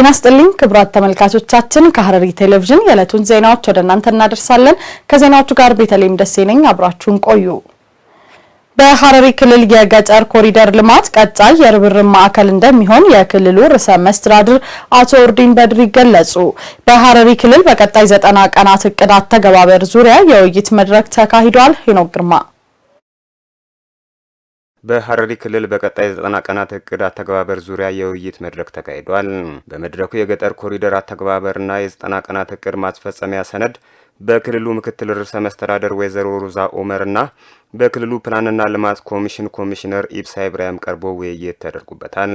ጤና ስጥልኝ ክብራት ተመልካቾቻችን፣ ከሐረሪ ቴሌቪዥን የዕለቱን ዜናዎች ወደ እናንተ እናደርሳለን። ከዜናዎቹ ጋር ቤተልሔም ደሴ ነኝ። አብራችሁን ቆዩ። በሐረሪ ክልል የገጠር ኮሪደር ልማት ቀጣይ የርብርብ ማዕከል እንደሚሆን የክልሉ ርዕሰ መስተዳድር አቶ ኦርዲን በድሪ ገለጹ። በሐረሪ ክልል በቀጣይ ዘጠና ቀናት እቅድ አተገባበር ዙሪያ የውይይት መድረክ ተካሂዷል። ሄኖክ ግርማ በሐረሪ ክልል በቀጣይ ዘጠና ቀናት እቅድ አተገባበር ዙሪያ የውይይት መድረክ ተካሂዷል። በመድረኩ የገጠር ኮሪደር አተገባበርና የዘጠና ቀናት እቅድ ማስፈጸሚያ ሰነድ በክልሉ ምክትል ርዕሰ መስተዳደር ወይዘሮ ሩዛ ኦመርና በክልሉ ፕላንና ልማት ኮሚሽን ኮሚሽነር ኢብሳ ኢብራሂም ቀርቦ ውይይት ተደርጉበታል።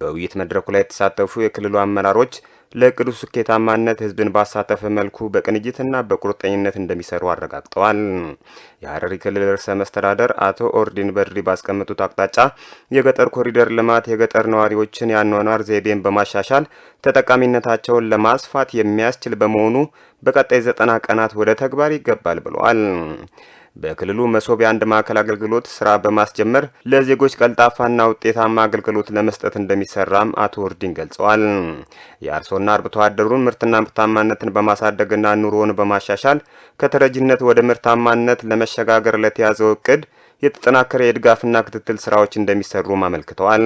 በውይይት መድረኩ ላይ የተሳተፉ የክልሉ አመራሮች ለእቅዱ ስኬታማነት ህዝብን ባሳተፈ መልኩ በቅንጅትና በቁርጠኝነት እንደሚሰሩ አረጋግጠዋል። የሀረሪ ክልል ርዕሰ መስተዳደር አቶ ኦርዲን በድሪ ባስቀመጡት አቅጣጫ የገጠር ኮሪደር ልማት የገጠር ነዋሪዎችን የአኗኗር ዘይቤን በማሻሻል ተጠቃሚነታቸውን ለማስፋት የሚያስችል በመሆኑ በቀጣይ ዘጠና ቀናት ወደ ተግባር ይገባል ብለዋል። በክልሉ መሶብ የአንድ ማዕከል አገልግሎት ስራ በማስጀመር ለዜጎች ቀልጣፋና ውጤታማ አገልግሎት ለመስጠት እንደሚሰራም አቶ ወርዲን ገልጸዋል። የአርሶና አርብቶ አደሩን ምርትና ምርታማነትን በማሳደግና ኑሮውን በማሻሻል ከተረጅነት ወደ ምርታማነት ለመሸጋገር ለተያዘው እቅድ የተጠናከረ የድጋፍና ክትትል ስራዎች እንደሚሰሩም አመልክተዋል።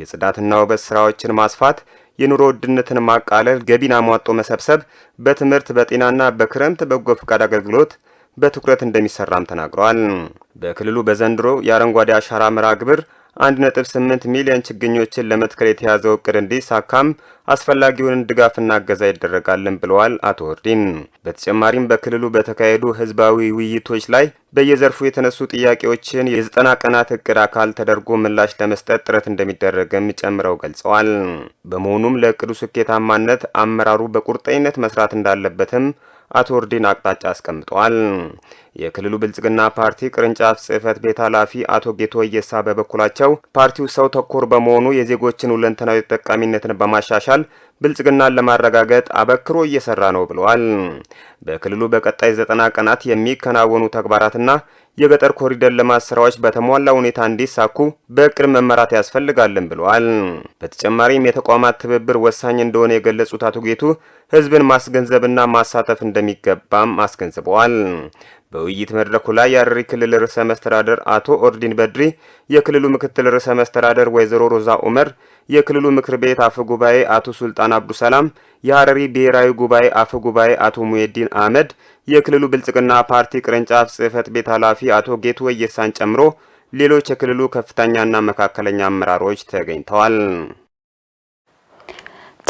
የጽዳትና ውበት ስራዎችን ማስፋት የኑሮ ውድነትን ማቃለል፣ ገቢን አሟጦ መሰብሰብ፣ በትምህርት በጤናና በክረምት በጎ ፍቃድ አገልግሎት በትኩረት እንደሚሰራም ተናግረዋል። በክልሉ በዘንድሮ የአረንጓዴ አሻራ መርሃ ግብር 1.8 ሚሊዮን ችግኞችን ለመትከል የተያዘው እቅድ እንዲሳካም አስፈላጊውን ድጋፍና እገዛ ይደረጋልን ብለዋል አቶ ወርዲን። በተጨማሪም በክልሉ በተካሄዱ ህዝባዊ ውይይቶች ላይ በየዘርፉ የተነሱ ጥያቄዎችን የዘጠና ቀናት እቅድ አካል ተደርጎ ምላሽ ለመስጠት ጥረት እንደሚደረግም ጨምረው ገልጸዋል። በመሆኑም ለእቅዱ ስኬታማነት አመራሩ በቁርጠኝነት መስራት እንዳለበትም አቶ ወርዲን አቅጣጫ አስቀምጠዋል። የክልሉ ብልጽግና ፓርቲ ቅርንጫፍ ጽህፈት ቤት ኃላፊ አቶ ጌቶ ወየሳ በበኩላቸው ፓርቲው ሰው ተኮር በመሆኑ የዜጎችን ሁለንተናዊ ተጠቃሚነትን በማሻሻል ብልጽግናን ለማረጋገጥ አበክሮ እየሰራ ነው ብለዋል። በክልሉ በቀጣይ ዘጠና ቀናት የሚከናወኑ ተግባራትና የገጠር ኮሪደር ልማት ስራዎች በተሟላ ሁኔታ እንዲሳኩ በእቅድ መመራት ያስፈልጋልን ብለዋል። በተጨማሪም የተቋማት ትብብር ወሳኝ እንደሆነ የገለጹት አቶ ጌቱ ህዝብን ማስገንዘብና ማሳተፍ እንደሚገባም አስገንዝበዋል። በውይይት መድረኩ ላይ የሐረሪ ክልል ርዕሰ መስተዳደር አቶ ኦርዲን በድሪ፣ የክልሉ ምክትል ርዕሰ መስተዳደር ወይዘሮ ሮዛ ኡመር፣ የክልሉ ምክር ቤት አፈ ጉባኤ አቶ ሱልጣን አብዱሰላም የሀረሪ ብሔራዊ ጉባኤ አፈ ጉባኤ አቶ ሙሄዲን አህመድ፣ የክልሉ ብልጽግና ፓርቲ ቅርንጫፍ ጽህፈት ቤት ኃላፊ አቶ ጌቱ ወየሳን ጨምሮ ሌሎች የክልሉ ከፍተኛና መካከለኛ አመራሮች ተገኝተዋል።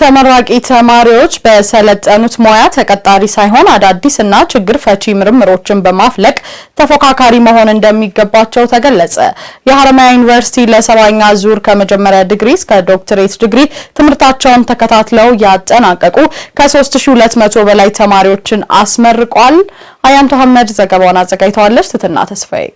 ተመራቂ ተማሪዎች በሰለጠኑት ሙያ ተቀጣሪ ሳይሆን አዳዲስ እና ችግር ፈቺ ምርምሮችን በማፍለቅ ተፎካካሪ መሆን እንደሚገባቸው ተገለጸ። የሀረማያ ዩኒቨርሲቲ ለሰባኛ ዙር ከመጀመሪያ ዲግሪ እስከ ዶክትሬት ዲግሪ ትምህርታቸውን ተከታትለው ያጠናቀቁ ከ3200 በላይ ተማሪዎችን አስመርቋል። አያንቱ አህመድ ዘገባውን አዘጋጅተዋለች። ትትና ተስፋዬ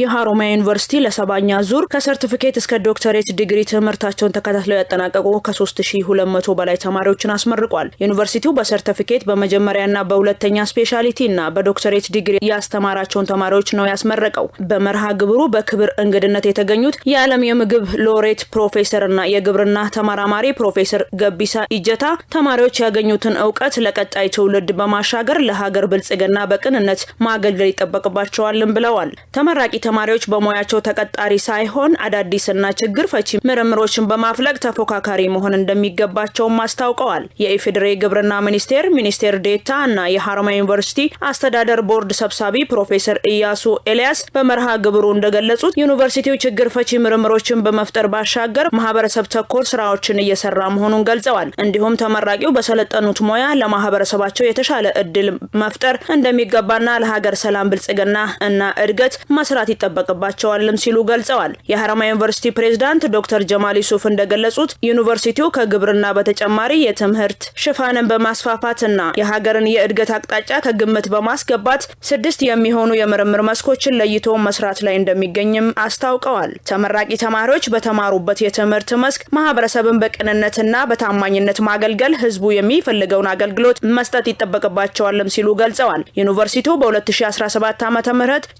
የሀሮማያ ዩኒቨርሲቲ ለሰባኛ ዙር ከሰርቲፊኬት እስከ ዶክተሬት ዲግሪ ትምህርታቸውን ተከታትለው ያጠናቀቁ ከ3200 በላይ ተማሪዎችን አስመርቋል። ዩኒቨርሲቲው በሰርቲፊኬት በመጀመሪያና በሁለተኛ ስፔሻሊቲና በዶክተሬት ዲግሪ ያስተማራቸውን ተማሪዎች ነው ያስመረቀው። በመርሃ ግብሩ በክብር እንግድነት የተገኙት የዓለም የምግብ ሎሬት ፕሮፌሰር ና የግብርና ተመራማሪ ፕሮፌሰር ገቢሳ ኢጀታ ተማሪዎች ያገኙትን እውቀት ለቀጣይ ትውልድ በማሻገር ለሀገር ብልጽግና በቅንነት ማገልገል ይጠበቅባቸዋልን ብለዋል። ተመራቂ ተማሪዎች በሙያቸው ተቀጣሪ ሳይሆን አዳዲስና ችግር ፈቺ ምርምሮችን በማፍለግ ተፎካካሪ መሆን እንደሚገባቸውም አስታውቀዋል። የኢፌዴሬ ግብርና ሚኒስቴር ሚኒስቴር ዴታ እና የሀረማ ዩኒቨርሲቲ አስተዳደር ቦርድ ሰብሳቢ ፕሮፌሰር እያሱ ኤልያስ በመርሃ ግብሩ እንደገለጹት ዩኒቨርሲቲው ችግር ፈቺ ምርምሮችን በመፍጠር ባሻገር ማህበረሰብ ተኮር ስራዎችን እየሰራ መሆኑን ገልጸዋል። እንዲሁም ተመራቂው በሰለጠኑት ሙያ ለማህበረሰባቸው የተሻለ እድል መፍጠር እንደሚገባና ለሀገር ሰላም ብልጽግና እና እድገት መስራት መስራት ይጠበቅባቸዋልም ሲሉ ገልጸዋል። የሀረማያ ዩኒቨርሲቲ ፕሬዝዳንት ዶክተር ጀማል ዩሱፍ እንደገለጹት ዩኒቨርሲቲው ከግብርና በተጨማሪ የትምህርት ሽፋንን በማስፋፋትና የሀገርን የእድገት አቅጣጫ ከግምት በማስገባት ስድስት የሚሆኑ የምርምር መስኮችን ለይቶ መስራት ላይ እንደሚገኝም አስታውቀዋል። ተመራቂ ተማሪዎች በተማሩበት የትምህርት መስክ ማህበረሰብን በቅንነትና በታማኝነት ማገልገል፣ ህዝቡ የሚፈልገውን አገልግሎት መስጠት ይጠበቅባቸዋልም ሲሉ ገልጸዋል። ዩኒቨርሲቲው በ2017 ዓ ም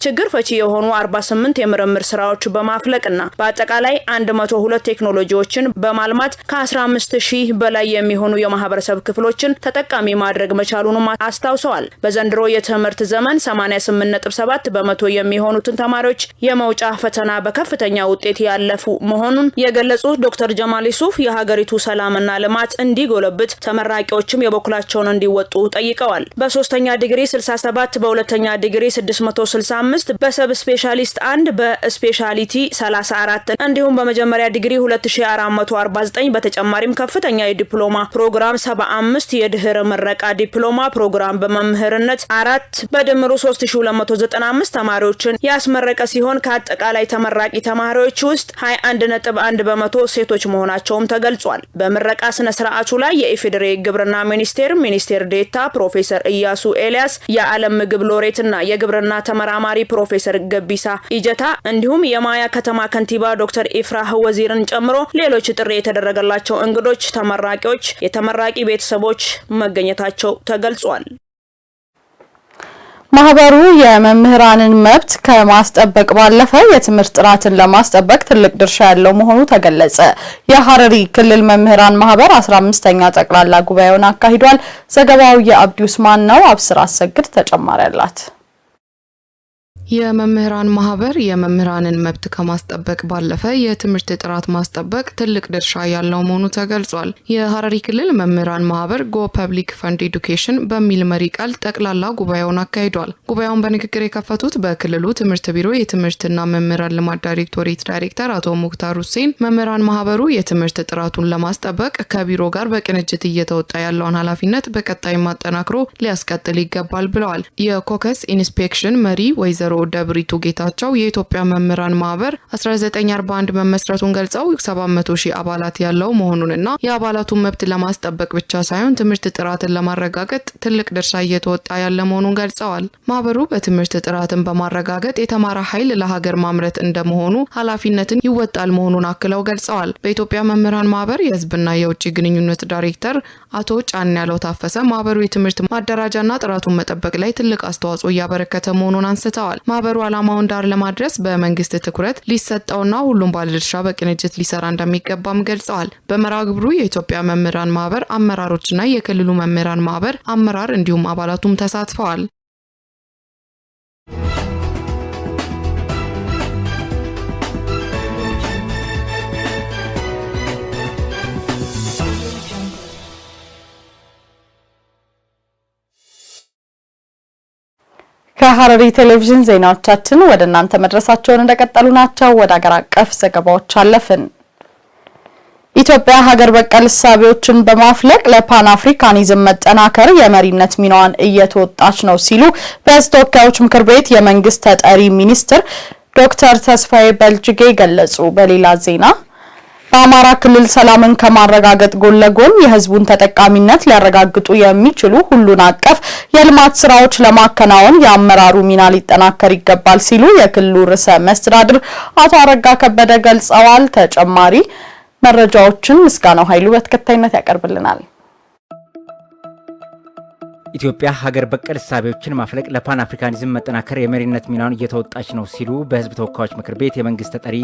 ችግር ፈቺ የሆኑ 48 የምርምር ስራዎች በማፍለቅና በአጠቃላይ 102 ቴክኖሎጂዎችን በማልማት ከ15 ሺህ በላይ የሚሆኑ የማህበረሰብ ክፍሎችን ተጠቃሚ ማድረግ መቻሉንም አስታውሰዋል። በዘንድሮ የትምህርት ዘመን 88.7 በመቶ የሚሆኑትን ተማሪዎች የመውጫ ፈተና በከፍተኛ ውጤት ያለፉ መሆኑን የገለጹት ዶክተር ጀማል ሱፍ የሀገሪቱ ሰላምና ልማት እንዲጎለብት ተመራቂዎችም የበኩላቸውን እንዲወጡ ጠይቀዋል። በሶስተኛ ዲግሪ 67፣ በሁለተኛ ዲግሪ 665 በሰብ ስፔሻል ስፔሻሊስት አንድ በስፔሻሊቲ 34 እንዲሁም በመጀመሪያ ዲግሪ 2449 በተጨማሪም ከፍተኛ የዲፕሎማ ፕሮግራም 75 የድህረ ምረቃ ዲፕሎማ ፕሮግራም በመምህርነት አራት በድምሩ 3295 ተማሪዎችን ያስመረቀ ሲሆን ከአጠቃላይ ተመራቂ ተማሪዎች ውስጥ 21.1 በመቶ ሴቶች መሆናቸውም ተገልጿል። በምረቃ ስነ ስርዓቱ ላይ የኢፌዴሬ ግብርና ሚኒስቴር ሚኒስቴር ዴታ ፕሮፌሰር እያሱ ኤልያስ፣ የዓለም ምግብ ሎሬትና የግብርና ተመራማሪ ፕሮፌሰር ገቢ ሳ ኢጀታ እንዲሁም የማያ ከተማ ከንቲባ ዶክተር ኢፍራህ ወዚርን ጨምሮ ሌሎች ጥሪ የተደረገላቸው እንግዶች፣ ተመራቂዎች፣ የተመራቂ ቤተሰቦች መገኘታቸው ተገልጿል። ማህበሩ የመምህራንን መብት ከማስጠበቅ ባለፈ የትምህርት ጥራትን ለማስጠበቅ ትልቅ ድርሻ ያለው መሆኑ ተገለጸ። የሐረሪ ክልል መምህራን ማህበር 15ኛ ጠቅላላ ጉባኤውን አካሂዷል። ዘገባው የአብዲ ውስማን ነው። አብስር አሰግድ ተጨማሪ አላት። የመምህራን ማህበር የመምህራንን መብት ከማስጠበቅ ባለፈ የትምህርት ጥራት ማስጠበቅ ትልቅ ድርሻ ያለው መሆኑ ተገልጿል። የሐረሪ ክልል መምህራን ማህበር ጎ ፐብሊክ ፈንድ ኤዱኬሽን በሚል መሪ ቃል ጠቅላላ ጉባኤውን አካሂዷል። ጉባኤውን በንግግር የከፈቱት በክልሉ ትምህርት ቢሮ የትምህርትና መምህራን ልማት ዳይሬክቶሬት ዳይሬክተር አቶ ሙክታር ሁሴን መምህራን ማህበሩ የትምህርት ጥራቱን ለማስጠበቅ ከቢሮ ጋር በቅንጅት እየተወጣ ያለውን ኃላፊነት በቀጣይ ማጠናክሮ ሊያስቀጥል ይገባል ብለዋል። የኮከስ ኢንስፔክሽን መሪ ወይዘሮ ወይዘሮ ደብሪቱ ጌታቸው የኢትዮጵያ መምህራን ማህበር 1941 መመስረቱን ገልጸው 700 ሺህ አባላት ያለው መሆኑንና የአባላቱን መብት ለማስጠበቅ ብቻ ሳይሆን ትምህርት ጥራትን ለማረጋገጥ ትልቅ ድርሻ እየተወጣ ያለ መሆኑን ገልጸዋል። ማህበሩ በትምህርት ጥራትን በማረጋገጥ የተማረ ኃይል ለሀገር ማምረት እንደመሆኑ ኃላፊነትን ይወጣል መሆኑን አክለው ገልጸዋል። በኢትዮጵያ መምህራን ማህበር የህዝብና የውጭ ግንኙነት ዳይሬክተር አቶ ጫን ያለው ታፈሰ ማህበሩ የትምህርት ማደራጃና ጥራቱን መጠበቅ ላይ ትልቅ አስተዋጽኦ እያበረከተ መሆኑን አንስተዋል። ማህበሩ ዓላማውን ዳር ለማድረስ በመንግስት ትኩረት ሊሰጠውና ሁሉም ባለድርሻ በቅንጅት ሊሰራ እንደሚገባም ገልጸዋል። በመርሃ ግብሩ የኢትዮጵያ መምህራን ማህበር አመራሮችና የክልሉ መምህራን ማህበር አመራር እንዲሁም አባላቱም ተሳትፈዋል። ከሐረሪ ቴሌቪዥን ዜናዎቻችን ወደ እናንተ መድረሳቸውን እንደቀጠሉ ናቸው። ወደ አገር አቀፍ ዘገባዎች አለፍን። ኢትዮጵያ ሀገር በቀል እሳቤዎችን በማፍለቅ ለፓን አፍሪካኒዝም መጠናከር የመሪነት ሚናዋን እየተወጣች ነው ሲሉ በሕዝብ ምክር ቤት የመንግስት ተጠሪ ሚኒስትር ዶክተር ተስፋዬ በልጅጌ ገለጹ። በሌላ ዜና በአማራ ክልል ሰላምን ከማረጋገጥ ጎን ለጎን የህዝቡን ተጠቃሚነት ሊያረጋግጡ የሚችሉ ሁሉን አቀፍ የልማት ስራዎች ለማከናወን የአመራሩ ሚና ሊጠናከር ይገባል ሲሉ የክልሉ ርዕሰ መስተዳድር አቶ አረጋ ከበደ ገልጸዋል። ተጨማሪ መረጃዎችን ምስጋናው ኃይሉ በተከታይነት ያቀርብልናል። ኢትዮጵያ ሀገር በቀል እሳቤዎችን ማፍለቅ ለፓን አፍሪካኒዝም መጠናከር የመሪነት ሚናውን እየተወጣች ነው ሲሉ በህዝብ ተወካዮች ምክር ቤት የመንግስት ተጠሪ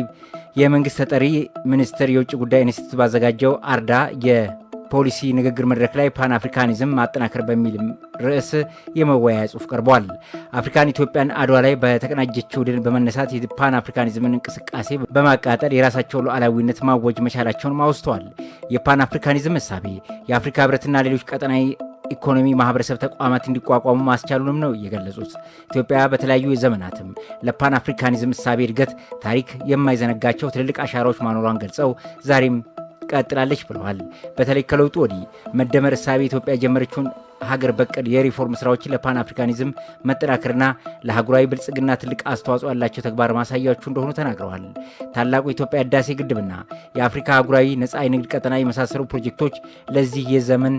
የመንግስት ተጠሪ ሚኒስትር የውጭ ጉዳይ ኢንስቲትዩት ባዘጋጀው አርዳ የፖሊሲ ንግግር መድረክ ላይ ፓን አፍሪካኒዝም ማጠናከር በሚል ርዕስ የመወያያ ጽሁፍ ቀርቧል። አፍሪካን ኢትዮጵያን አድዋ ላይ በተቀናጀችው ድል በመነሳት የፓን አፍሪካኒዝምን እንቅስቃሴ በማቃጠል የራሳቸውን ሉዓላዊነት ማወጅ መቻላቸውን አውስተዋል። የፓን አፍሪካኒዝም እሳቤ የአፍሪካ ህብረትና ሌሎች ቀጠናዊ ኢኮኖሚ ማህበረሰብ ተቋማት እንዲቋቋሙ ማስቻሉንም ነው የገለጹት። ኢትዮጵያ በተለያዩ ዘመናትም ለፓን አፍሪካኒዝም እሳቤ እድገት ታሪክ የማይዘነጋቸው ትልልቅ አሻራዎች ማኖሯን ገልጸው ዛሬም ቀጥላለች ብለዋል። በተለይ ከለውጡ ወዲህ መደመር እሳቤ ኢትዮጵያ የጀመረችውን ሀገር በቀል የሪፎርም ስራዎችን ለፓን አፍሪካኒዝም መጠናከርና ለሀገራዊ ብልጽግና ትልቅ አስተዋጽኦ ያላቸው ተግባር ማሳያዎቹ እንደሆኑ ተናግረዋል። ታላቁ የኢትዮጵያ ህዳሴ ግድብና የአፍሪካ አህጉራዊ ነፃ የንግድ ቀጠና የመሳሰሉ ፕሮጀክቶች ለዚህ የዘመን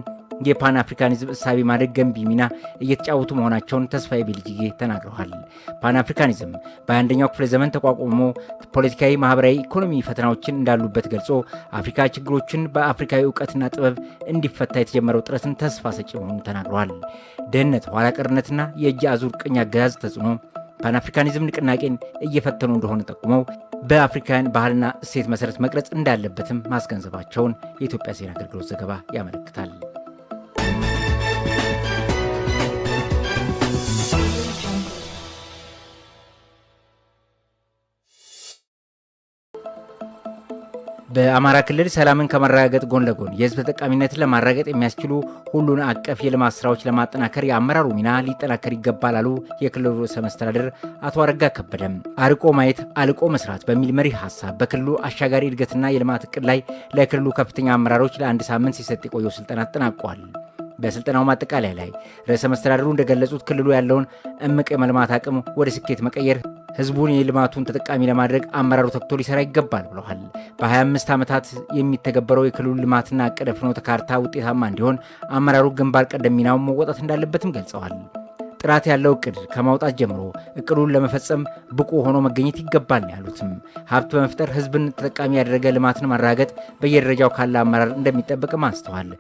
የፓን አፍሪካኒዝም እሳቤ ማደግ ገንቢ ሚና እየተጫወቱ መሆናቸውን ተስፋዬ ቤልጅጌ ተናግረዋል። ፓን አፍሪካኒዝም በአንደኛው ክፍለ ዘመን ተቋቁሞ ፖለቲካዊ፣ ማህበራዊ፣ ኢኮኖሚ ፈተናዎችን እንዳሉበት ገልጾ አፍሪካ ችግሮችን በአፍሪካዊ እውቀትና ጥበብ እንዲፈታ የተጀመረው ጥረትን ተስፋ ሰጪ መሆኑን ተናግረዋል። ደህንነት፣ ኋላቀርነትና የእጅ አዙር ቅኝ አገዛዝ ተጽዕኖ አፍሪካኒዝም ንቅናቄን እየፈተኑ እንደሆነ ጠቁመው በአፍሪካውያን ባህልና እሴት መሰረት መቅረጽ እንዳለበትም ማስገንዘባቸውን የኢትዮጵያ ዜና አገልግሎት ዘገባ ያመለክታል። በአማራ ክልል ሰላምን ከመረጋገጥ ጎን ለጎን የህዝብ ተጠቃሚነትን ለማረጋገጥ የሚያስችሉ ሁሉን አቀፍ የልማት ስራዎች ለማጠናከር የአመራሩ ሚና ሊጠናከር ይገባል አሉ የክልሉ ርዕሰ መስተዳድር አቶ አረጋ ከበደም። አርቆ ማየት አልቆ መስራት በሚል መሪ ሀሳብ በክልሉ አሻጋሪ እድገትና የልማት እቅድ ላይ ለክልሉ ከፍተኛ አመራሮች ለአንድ ሳምንት ሲሰጥ የቆየው ስልጠና አጠናቋል። በስልጠናው ማጠቃለያ ላይ ርዕሰ መስተዳድሩ እንደገለጹት ክልሉ ያለውን እምቅ የመልማት አቅም ወደ ስኬት መቀየር ህዝቡን የልማቱን ተጠቃሚ ለማድረግ አመራሩ ተግቶ ሊሰራ ይገባል ብለዋል። በ25 ዓመታት የሚተገበረው የክልሉ ልማትና ዕቅድ ፍኖተ ካርታ ውጤታማ እንዲሆን አመራሩ ግንባር ቀደም ሚናውን መወጣት እንዳለበትም ገልጸዋል። ጥራት ያለው እቅድ ከማውጣት ጀምሮ እቅዱን ለመፈጸም ብቁ ሆኖ መገኘት ይገባል ያሉትም ሀብት በመፍጠር ህዝብን ተጠቃሚ ያደረገ ልማትን ማረጋገጥ በየደረጃው ካለ አመራር እንደሚጠበቅም አንስተዋል።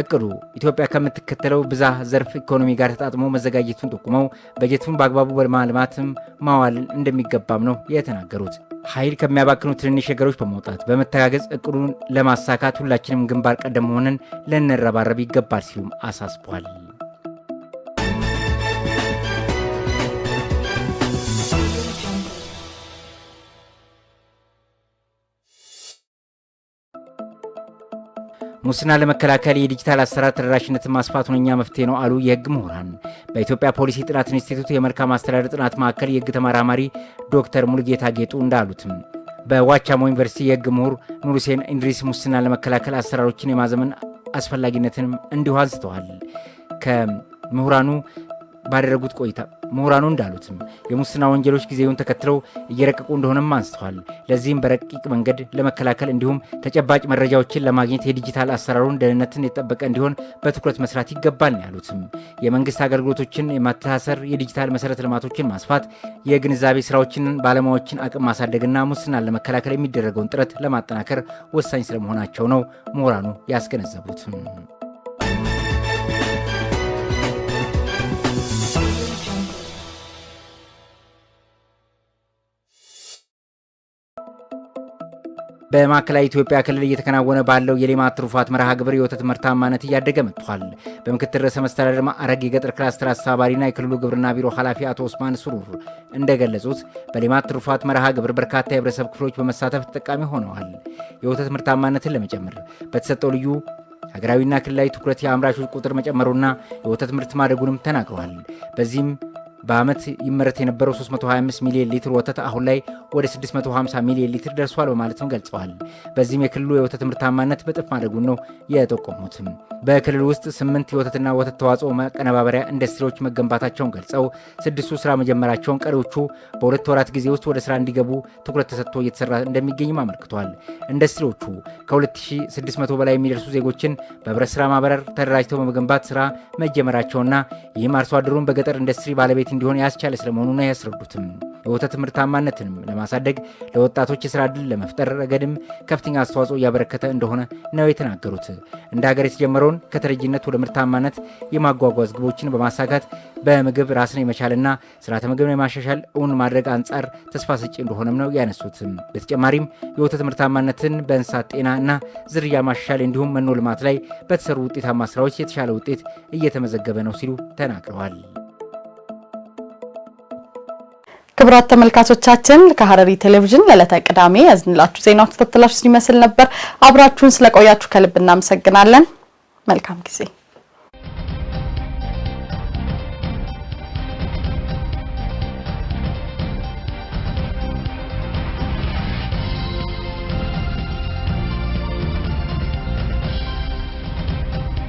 እቅዱ ኢትዮጵያ ከምትከተለው ብዛ ዘርፍ ኢኮኖሚ ጋር ተጣጥሞ መዘጋጀቱን ጠቁመው በጀቱን በአግባቡ በማልማትም ማዋል እንደሚገባም ነው የተናገሩት። ኃይል ከሚያባክኑ ትንንሽ ነገሮች በመውጣት በመተጋገዝ እቅዱን ለማሳካት ሁላችንም ግንባር ቀደም መሆንን ልንረባረብ ይገባል ሲሉም አሳስቧል። ሙስና ለመከላከል የዲጂታል አሰራር ተደራሽነትን ማስፋት ሁነኛ መፍትሄ ነው አሉ የህግ ምሁራን። በኢትዮጵያ ፖሊሲ ጥናት ኢንስቲትዩት የመልካም አስተዳደር ጥናት ማዕከል የህግ ተመራማሪ ዶክተር ሙልጌታ ጌጡ እንዳሉትም በዋቻሞ ዩኒቨርሲቲ የህግ ምሁር ኑሩሴን ኢንድሪስ ሙስና ለመከላከል አሰራሮችን የማዘመን አስፈላጊነትንም እንዲሁ አንስተዋል። ከምሁራኑ ባደረጉት ቆይታ ምሁራኑ እንዳሉትም የሙስና ወንጀሎች ጊዜውን ተከትለው እየረቀቁ እንደሆነም አንስተዋል። ለዚህም በረቂቅ መንገድ ለመከላከል እንዲሁም ተጨባጭ መረጃዎችን ለማግኘት የዲጂታል አሰራሩን ደህንነትን የጠበቀ እንዲሆን በትኩረት መስራት ይገባል ነው ያሉትም። የመንግስት አገልግሎቶችን የማተሳሰር፣ የዲጂታል መሰረተ ልማቶችን ማስፋት፣ የግንዛቤ ስራዎችን፣ ባለሙያዎችን አቅም ማሳደግና ሙስናን ለመከላከል የሚደረገውን ጥረት ለማጠናከር ወሳኝ ስለመሆናቸው ነው ምሁራኑ ያስገነዘቡትም። በማዕከላዊ ኢትዮጵያ ክልል እየተከናወነ ባለው የሌማት ትሩፋት መርሃ ግብር የወተት ምርታማነት እያደገ መጥቷል። በምክትል ርዕሰ መስተዳድር ማዕረግ የገጠር ክላስተር አስተባባሪና የክልሉ ግብርና ቢሮ ኃላፊ አቶ ኡስማን ሱሩር እንደገለጹት በሌማት ትሩፋት መርሃ ግብር በርካታ የህብረተሰብ ክፍሎች በመሳተፍ ተጠቃሚ ሆነዋል። የወተት ምርታማነትን ለመጨመር በተሰጠው ልዩ ሀገራዊና ክልላዊ ትኩረት የአምራቾች ቁጥር መጨመሩና የወተት ምርት ማደጉንም ተናግረዋል። በዚህም በዓመት ይመረት የነበረው 325 ሚሊዮን ሊትር ወተት አሁን ላይ ወደ 650 ሚሊዮን ሊትር ደርሷል በማለትም ገልጸዋል። በዚህም የክልሉ የወተት ምርታማነት በጥፍ ማደጉን ነው የጠቆሙትም። በክልሉ ውስጥ ስምንት የወተትና ወተት ተዋጽኦ መቀነባበሪያ ኢንዱስትሪዎች መገንባታቸውን ገልጸው ስድስቱ ስራ መጀመራቸውን፣ ቀሪዎቹ በሁለት ወራት ጊዜ ውስጥ ወደ ስራ እንዲገቡ ትኩረት ተሰጥቶ እየተሰራ እንደሚገኝም አመልክቷል። ኢንዱስትሪዎቹ ከ2600 በላይ የሚደርሱ ዜጎችን በህብረት ስራ ማበረር ተደራጅተው በመገንባት ስራ መጀመራቸውና ይህም አርሶ አደሩን በገጠር ኢንዱስትሪ ባለቤት እንዲሆን ያስቻለ ስለመሆኑን አያስረዱትም። የወተት ምርታማነትንም ለማሳደግ ለወጣቶች የስራ ዕድል ለመፍጠር ረገድም ከፍተኛ አስተዋጽኦ እያበረከተ እንደሆነ ነው የተናገሩት። እንደ ሀገር የተጀመረውን ከተረጂነት ወደ ምርታማነት የማጓጓዝ ግቦችን በማሳካት በምግብ ራስን የመቻልና ስርዓተ ምግብን የማሻሻል እውን ማድረግ አንጻር ተስፋ ሰጪ እንደሆነም ነው ያነሱት። በተጨማሪም የወተት ምርታማነትን በእንስሳት ጤና እና ዝርያ ማሻሻል እንዲሁም መኖ ልማት ላይ በተሰሩ ውጤታማ ስራዎች የተሻለ ውጤት እየተመዘገበ ነው ሲሉ ተናግረዋል። ክብራት ተመልካቾቻችን ከሐረሪ ቴሌቪዥን ለዕለተ ቅዳሜ ያዝንላችሁ ዜናው ተከታተላችሁ ሲመስል ነበር። አብራችሁን ስለቆያችሁ ከልብ እናመሰግናለን። መልካም ጊዜ